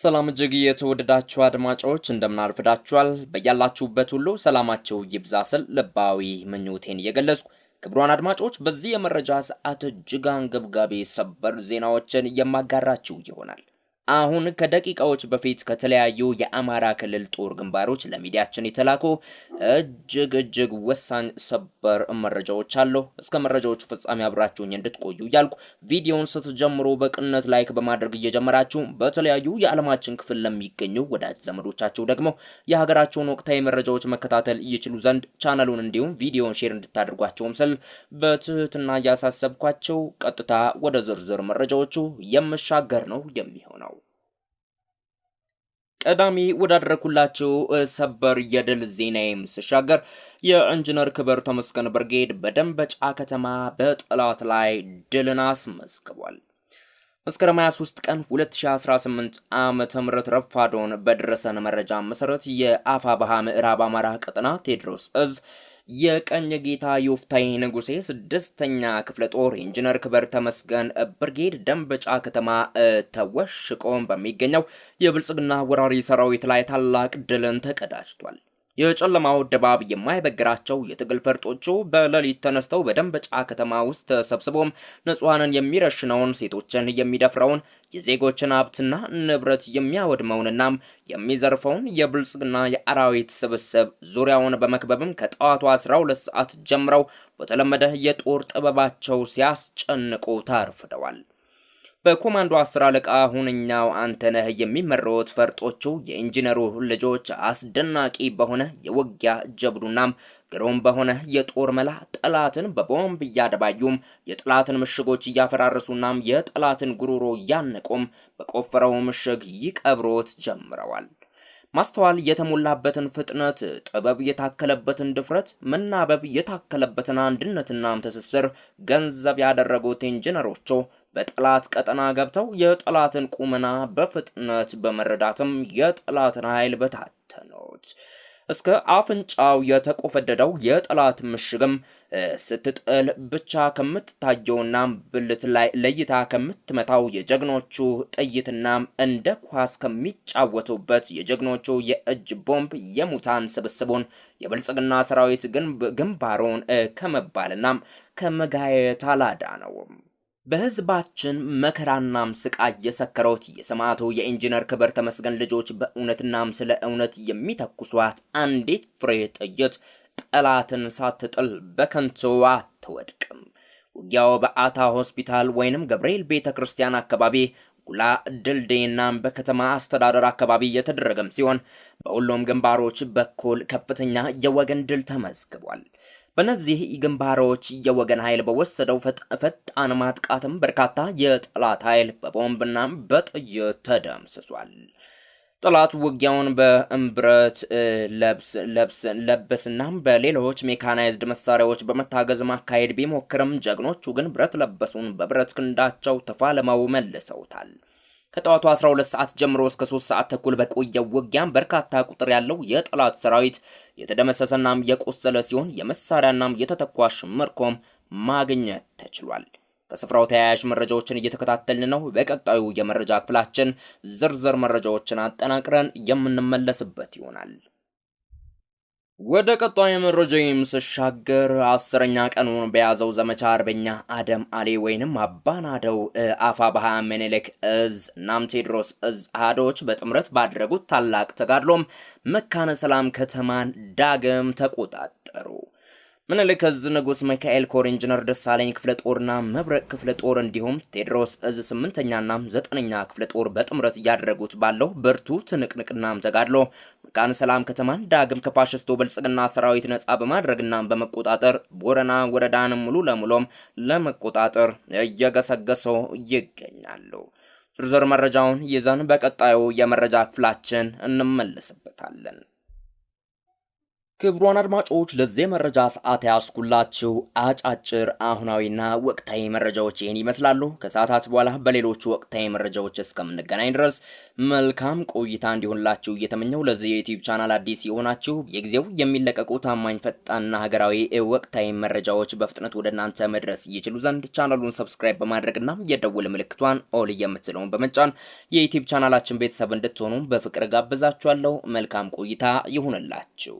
ሰላም እጅግ የተወደዳችሁ አድማጮች እንደምን አርፍዳችኋል። በያላችሁበት ሁሉ ሰላማችሁ ይብዛ ስል ልባዊ ምኞቴን እየገለጽኩ ክቡራን አድማጮች በዚህ የመረጃ ሰዓት እጅግ አንገብጋቢ ሰበር ዜናዎችን የማጋራችሁ ይሆናል። አሁን ከደቂቃዎች በፊት ከተለያዩ የአማራ ክልል ጦር ግንባሮች ለሚዲያችን የተላኩ እጅግ እጅግ ወሳኝ ሰበር መረጃዎች አለው እስከ መረጃዎቹ ፍጻሜ አብራችሁኝ እንድትቆዩ እያልኩ ቪዲዮውን ስትጀምሩ በቅንነት ላይክ በማድረግ እየጀመራችሁ በተለያዩ የዓለማችን ክፍል ለሚገኙ ወዳጅ ዘመዶቻችሁ ደግሞ የሀገራቸውን ወቅታዊ መረጃዎች መከታተል እይችሉ ዘንድ ቻናሉን እንዲሁም ቪዲዮውን ሼር እንድታደርጓቸውም ስል በትህትና እያሳሰብኳቸው ቀጥታ ወደ ዝርዝር መረጃዎቹ የምሻገር ነው የሚሆን ነው። ቀዳሚ ወዳደረኩላችሁ ሰበር የድል ዜናዬም ስሻገር የኢንጂነር ክብር ተመስገን ብርጌድ በደንበጫ ከተማ በጠላት ላይ ድልን አስመዝግቧል። መስከረም 23 ቀን 2018 ዓ.ም ረፋዶን በደረሰን መረጃ መሰረት የአፋ ባሃ ምዕራብ አማራ ቀጠና ቴዎድሮስ እዝ የቀኝ ጌታ ዮፍታይ ንጉሴ ስድስተኛ ክፍለ ጦር ኢንጂነር ክበር ተመስገን ብርጌድ ደንበጫ ከተማ ተወሽቆን በሚገኘው የብልጽግና ወራሪ ሰራዊት ላይ ታላቅ ድልን ተቀዳጅቷል። የጨለማው ድባብ የማይበግራቸው የትግል ፈርጦቹ በሌሊት ተነስተው በደንበጫ ከተማ ውስጥ ተሰብስቦም ንጹሐንን የሚረሽነውን፣ ሴቶችን የሚደፍረውን፣ የዜጎችን ሀብትና ንብረት የሚያወድመውንና የሚዘርፈውን የብልጽግና የአራዊት ስብስብ ዙሪያውን በመክበብም ከጠዋቱ 12 ሰዓት ጀምረው በተለመደ የጦር ጥበባቸው ሲያስጨንቁ ታርፍደዋል። በኮማንዶ አስር አለቃ ሁነኛው አንተነህ የሚመሩት ፈርጦቹ የኢንጂነሩ ልጆች አስደናቂ በሆነ የውጊያ ጀብዱናም ግሩም በሆነ የጦር መላ ጠላትን በቦምብ እያደባዩም የጠላትን ምሽጎች እያፈራረሱናም የጠላትን ጉሮሮ እያነቁም በቆፈረው ምሽግ ይቀብሮት ጀምረዋል። ማስተዋል የተሞላበትን ፍጥነት፣ ጥበብ የታከለበትን ድፍረት፣ መናበብ የታከለበትን አንድነትና ትስስር ገንዘብ ያደረጉት ኢንጂነሮቹ በጠላት ቀጠና ገብተው የጠላትን ቁመና በፍጥነት በመረዳትም የጠላትን ኃይል በታተኑት። እስከ አፍንጫው የተቆፈደደው የጠላት ምሽግም ስትጥል ብቻ ከምትታየውና ብልት ላይ ለይታ ከምትመታው የጀግኖቹ ጥይትና እንደ ኳስ ከሚጫወቱበት የጀግኖቹ የእጅ ቦምብ የሙታን ስብስቡን የብልጽግና ሰራዊት ግንባሩን ከመባልና ከመጋየት አላዳ ነው። በህዝባችን መከራናም ስቃይ እየሰከረውት የሰማዕቱ የኢንጂነር ክብር ተመስገን ልጆች በእውነትናም ስለ እውነት የሚተኩሷት አንዲት ፍሬ ጥይት ጠላትን ሳትጥል በከንቱ አትወድቅም። ውጊያው በአታ ሆስፒታል ወይንም ገብርኤል ቤተ ክርስቲያን አካባቢ ጉላ ድልድይና በከተማ አስተዳደር አካባቢ የተደረገም ሲሆን በሁሉም ግንባሮች በኩል ከፍተኛ የወገን ድል ተመዝግቧል። በእነዚህ ግንባሮች የወገን ኃይል በወሰደው ፈጣን ማጥቃትም በርካታ የጠላት ኃይል በቦምብና በጥይት ተደምስሷል። ጠላት ውጊያውን በእምብረት ለበስና በሌሎች ሜካናይዝድ መሳሪያዎች በመታገዝ ማካሄድ ቢሞክርም ጀግኖቹ ግን ብረት ለበሱን በብረት ክንዳቸው ተፋልመው መልሰውታል። ከጠዋቱ 12 ሰዓት ጀምሮ እስከ 3 ሰዓት ተኩል በቆየው ውጊያም በርካታ ቁጥር ያለው የጠላት ሰራዊት የተደመሰሰናም የቆሰለ ሲሆን የመሳሪያናም የተተኳሽ ምርኮም ማግኘት ተችሏል። ከስፍራው ተያያዥ መረጃዎችን እየተከታተልን ነው። በቀጣዩ የመረጃ ክፍላችን ዝርዝር መረጃዎችን አጠናቅረን የምንመለስበት ይሆናል። ወደ ቀጣዩ መረጃዬም ስሻገር አስረኛ ቀኑን በያዘው ዘመቻ አርበኛ አደም አሌ ወይንም አባናደው አፋ አፋብኃ ምኒልክ እዝ እናም ቴድሮስ እዝ አህዶች በጥምረት ባደረጉት ታላቅ ተጋድሎም መካነ ሰላም ከተማን ዳግም ተቆጣጠሩ። ምኒልክ እዝ ንጉሥ ሚካኤል ኮር ኢንጂነር ደሳለኝ ክፍለ ጦርና መብረቅ ክፍለ ጦር እንዲሁም ቴድሮስ እዝ ስምንተኛና ዘጠነኛ ክፍለ ጦር በጥምረት እያደረጉት ባለው ብርቱ ትንቅንቅና ተጋድሎ መካነ ሰላም ከተማን ዳግም ከፋሽስቱ ብልጽግና ሰራዊት ነጻ በማድረግና በመቆጣጠር ቦረና ወረዳን ሙሉ ለሙሉም ለመቆጣጠር እየገሰገሰው ይገኛሉ። ዝርዝር መረጃውን ይዘን በቀጣዩ የመረጃ ክፍላችን እንመለስበታለን። ክቡራን አድማጮች ለዚህ መረጃ ሰዓት ያስኩላችሁ አጫጭር አሁናዊና ወቅታዊ መረጃዎች ይህን ይመስላሉ። ከሰዓታት በኋላ በሌሎች ወቅታዊ መረጃዎች እስከምንገናኝ ድረስ መልካም ቆይታ እንዲሆንላችሁ እየተመኘው ለዚህ የዩቲዩብ ቻናል አዲስ የሆናችሁ የጊዜው የሚለቀቁ ታማኝ፣ ፈጣንና ሀገራዊ ወቅታዊ መረጃዎች በፍጥነት ወደ እናንተ መድረስ ይችሉ ዘንድ ቻናሉን ሰብስክራይብ በማድረግና የደውል ምልክቷን ኦል የምትለውን በመጫን የዩቲዩብ ቻናላችን ቤተሰብ እንድትሆኑ በፍቅር ጋብዛችኋለሁ። መልካም ቆይታ ይሁንላችሁ።